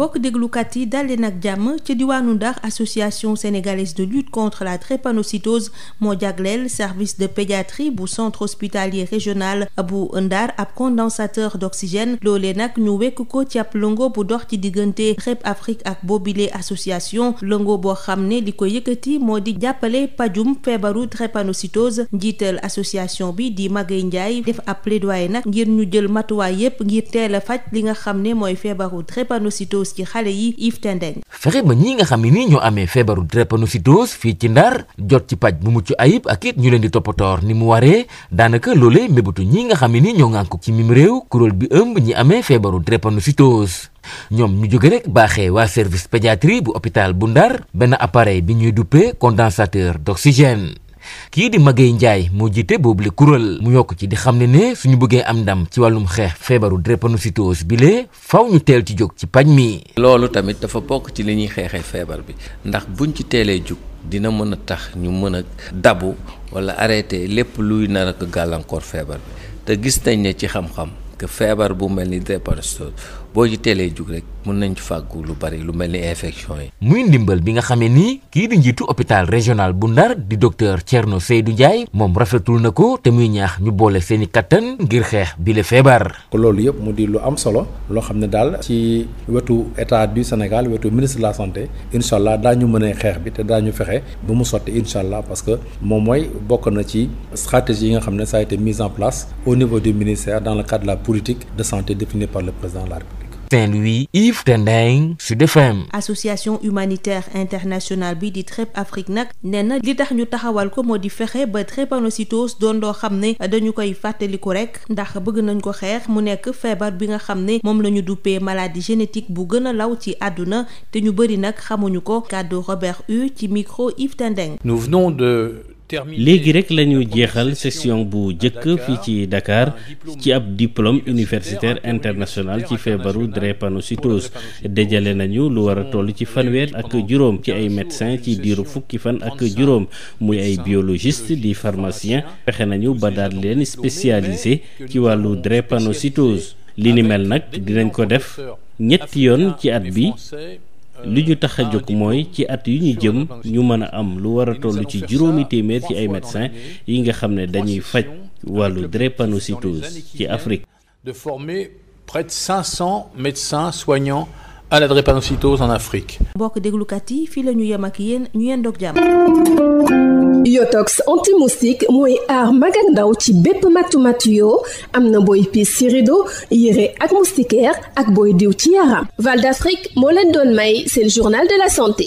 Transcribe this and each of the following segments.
mbokk déglukat yi dale nag jàmm ca diwaanu Ndar association sénégalaise de lutte contre la drépanocytose moo jagleel service de pédiatri bu centre hospitalier régional bu Ndar ab condensateur d'oxygène loole nag ñu wekk ko cap longo bu dox ci diggante REP Afrique ak boobile association lëngo boo xam ne li ko yëkkati moo di jàppale pajum feebaru drépanocytose njiital association bi di Maguette Ndiaye def ab plaidoyer nag ngir ñu jël matuwaay yépp ngir teel a faj li nga xam ne mooy feebaru drépanocytose ci xale yi Yves fexe ba ñi nga xam ne nii ñoo amee feebaru drépanocytose fii ci ndar jot ci paj bu mucc ayib ak it ñu leen di toppatoor ni mu waree daanaka loolee mébatu ñi nga xam ne nii ñoo ngànku ci mim réew kuréel bi ëmb ñi amee feebaru drépanocytose ñoom ñu jóge rek baaxee waa service pédiatrie bu hôpital bu ndar benn appareil bi ñuy duppee condensateur d'oxygène kii di Maguette Ndiaye moo jiite boobule kuréel mu yokk ci di xam ne ne suñu bëggee am ndam ci wàllum xeex feebaru drépanocytose bi lee faw ñu teel ci jóg ci paj mi. loolu tamit dafa bokk ci li ñuy xeexee feebar bi ndax buñ ci teelee jóg dina mën a tax ñu mën a dabu wala arrêté lépp luy nar a gàllankoor feebar bi te gis nañ ne ci xam-xam que feebar bu mel ni drépanocytose boo ci teelee jug rek mën nañ ci fàggu lu bari lu mel ni infection yi. muy ndimbal bi nga xamee nii kii di njiitu hôpital régional bu Ndar di docteur Thierno Seydou jaay moom rafetul na ko te muy ñaax ñu boole seen i kattan ngir xeex bi la feebar. loolu yëpp mu di lu am solo loo xam ne daal ci wetu état du Sénégal wetu ministre de la santé incha allah daañu mën a xeex bi te daa ñu fexe ba mu sotti incha allah parce que moom mooy bokk na ci stratégie yi nga xam a été au niveau du ministère dans le cadre de la politique Saint-Louis Yves association humanitaire internationale bi di TREP Afrique nag nee na li tax ñu taxawal ko moo di fexe ba drépanocytose doon loo xam ne dañu koy fàttaliku rek ndax bëgg nañ ko xeex mu nekk feebar bi nga xam ne moom la ñu duppee maladie génétique bu gën a law ci àdduna te ñu bëri nag xamuñu ko kàddu Robert U ci micro Yves Tendeng léegi rek la ñu jeexal session bu njëkk fii ci Dakar ci ab diplôme universitaire international ci feebaru drépanocytose dajale nañu lu war a toll ci fanweer ak juróom ci ay médecin ci diiru fukki fan ak juróom muy ay biologiste di pharmacien fexe nañu ba daal leen spécialisé ci wàllu drépanocytose li ni mel nag dinañ ko def ñetti yoon ci at bi Euh, li ñu tax a jóg mooy ci at yu ñu jëm ñu mën a am lu war a toll ci juróomi téeméer ci ay médecins yi nga xam ne dañuy faj wàllu drépanocytose ci Afrique. de former près de 500 médecins soignants à la drépanocytose en Afrique. mbokk déglukat yi fii ñu yem ak yéen ñu yendoog jàmm. yotox anti-moustique mooy aar mag ak ndaw ci bépp matu-matu yoo am na booy piis ci rido yére ak moustiquaire ak booy diw ci yaram. Val d'Afrique moo leen doon may seen journal de la santé.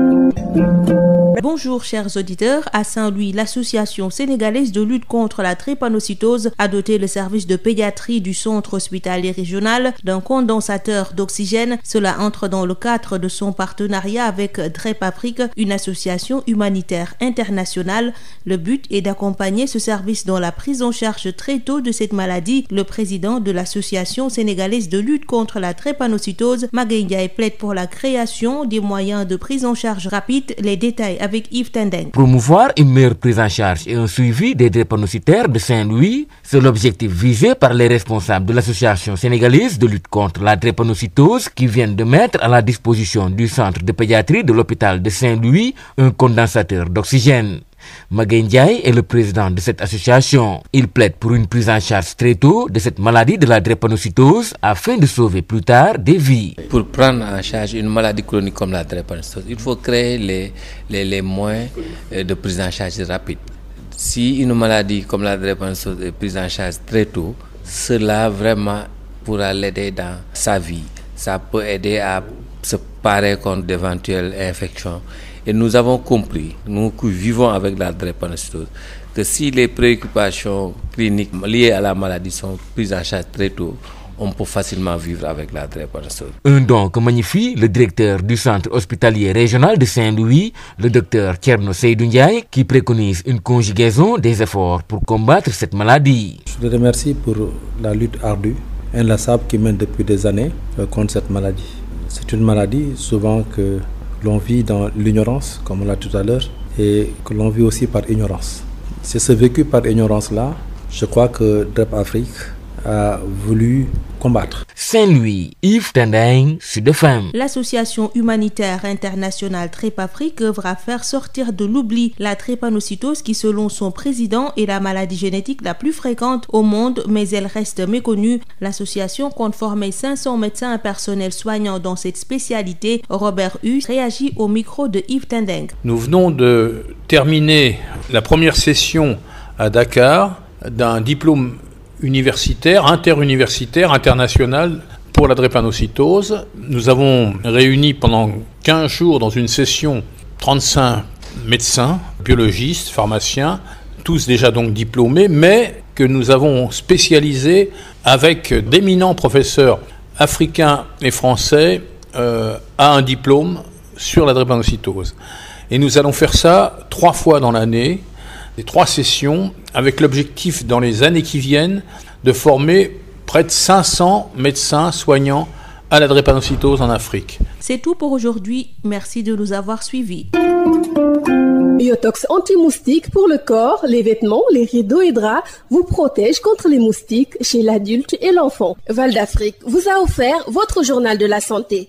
Bonjour chers auditeurs, à Saint-Louis, l'association sénégalaise de lutte contre la drépanocytose a doté le service de pédiatrie du centre hospitalier régional d'un condensateur d'oxygène. Cela entre dans le cadre de son partenariat avec DrepAfrique, une association humanitaire internationale. Le but est d'accompagner ce service dans la prise en charge très tôt de cette maladie. Le président de l'association sénégalaise de lutte contre la drépanocytose, Magueye plaide pour la création des moyens de prise en charge rapide. Les détails avec avec Yves Tendeng. Promouvoir une meilleure prise en charge et un suivi des drépanocytaires de Saint-Louis, c'est l'objectif visé par les responsables de l'association sénégalaise de lutte contre la drépanocytose qui viennent de mettre à la disposition du centre de pédiatrie de l'hôpital de Saint-Louis un condensateur d'oxygène. Maguène Ndiaye est le président de cette association. Il plaide pour une prise en charge très tôt de cette maladie de la drépanocytose afin de sauver plus tard des vies. Pour prendre en charge une maladie chronique comme la drépanocytose, il faut créer les, les, les moyens euh, de prise en charge rapide. Si une maladie comme la drépanocytose est prise en charge très tôt, cela vraiment pourra l'aider dans sa vie. Ça peut aider à se parer contre d'éventuelles infections Et nous avons compris, nous qui vivons avec la drépanocytose, que si les préoccupations cliniques liées à la maladie sont prises en charge très tôt, on peut facilement vivre avec la drépanocytose. Un don que magnifie le directeur du centre hospitalier régional de Saint-Louis, le docteur Tcherno Seydou Ndiaye, qui préconise une conjugaison des efforts pour combattre cette maladie. Je te remercie pour la lutte ardue, inlassable qui mène depuis des années euh, contre cette maladie. C'est une maladie souvent l'on vit dans l'ignorance, comme on l'a dit tout à l'heure, et que l'on vit aussi par ignorance. C'est ce vécu par ignorance-là, je crois que DREP Afrique a voulu combattre. Saint-Louis, Yves Tendeng, Sud FM. L'association humanitaire internationale Trip Afrique faire sortir de l'oubli la drépanocytose qui, selon son président, est la maladie génétique la plus fréquente au monde, mais elle reste méconnue. L'association compte former 500 médecins et personnels soignants dans cette spécialité. Robert Hus réagit au micro de Yves Tendeng. Nous venons de terminer la première session à Dakar d'un diplôme universitaire, interuniversitaire, international pour la drépanocytose. Nous avons réuni pendant 15 jours dans une session 35 médecins, biologistes, pharmaciens, tous déjà donc diplômés, mais que nous avons spécialisés avec d'éminents professeurs africains et français euh, à un diplôme sur la drépanocytose. Et nous allons ça trois fois des trois sessions, avec l'objectif dans les années qui viennent de former près de médecins soignants à la drépanocytose en Afrique. C'est tout pour aujourd'hui. Merci de nous avoir suivis. Biotox anti pour le corps, les vêtements, les rideaux et draps vous protège contre les moustiques chez l'adulte et l'enfant. Val d'Afrique vous a offert votre journal de la santé.